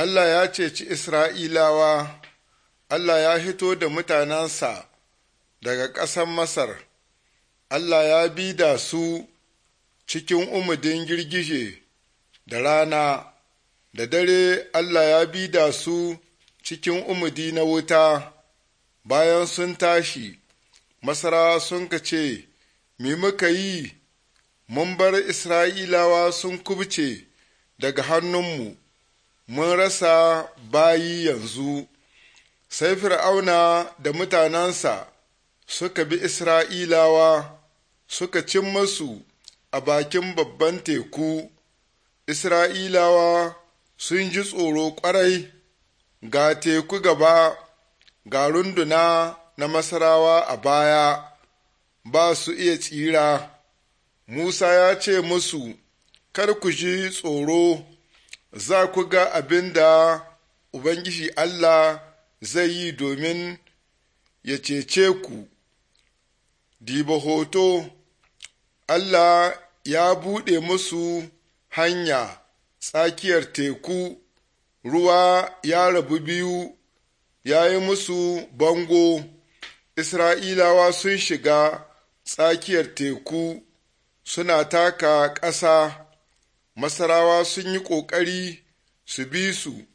Allah ya ceci Isra'ilawa, Allah ya hito da mutanensa daga ƙasar Masar, Allah ya bi da su cikin umudin girgije da rana, da dare Allah ya bi da su cikin umudi na wuta, bayan sun tashi, Masarawa sun ka ce, Me muka yi, mun bar Isra'ilawa sun kubce daga hannunmu. mun rasa bayi yanzu, sai Fir'auna da mutanensa suka bi Isra'ilawa suka cin masu a bakin babban teku, Isra'ilawa sun ji tsoro kwarai ga teku gaba, ga runduna na Masarawa a baya, ba su iya tsira. Musa ya ce musu, Kar ku ji tsoro. za ku ga abin da Ubangiji Allah zai yi domin ya cece ku, diba hoto, Allah ya buɗe musu hanya tsakiyar teku, ruwa ya rabu biyu, ya yi musu bango, Isra'ilawa sun shiga tsakiyar teku suna taka ƙasa. Masarawa sun yi ƙoƙari su bi su,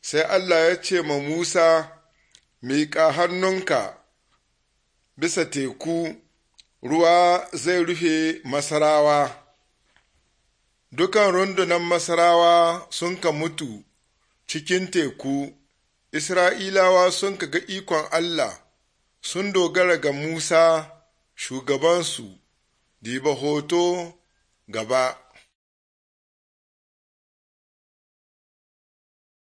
sai Allah ya ce ma Musa, Miƙa hannunka bisa teku, ruwa zai rufe Masarawa. Dukan rundunan Masarawa sun ka mutu cikin teku, Isra'ilawa sun ka ga ikon Allah, sun dogara ga Musa, shugabansu, diba hoto gaba.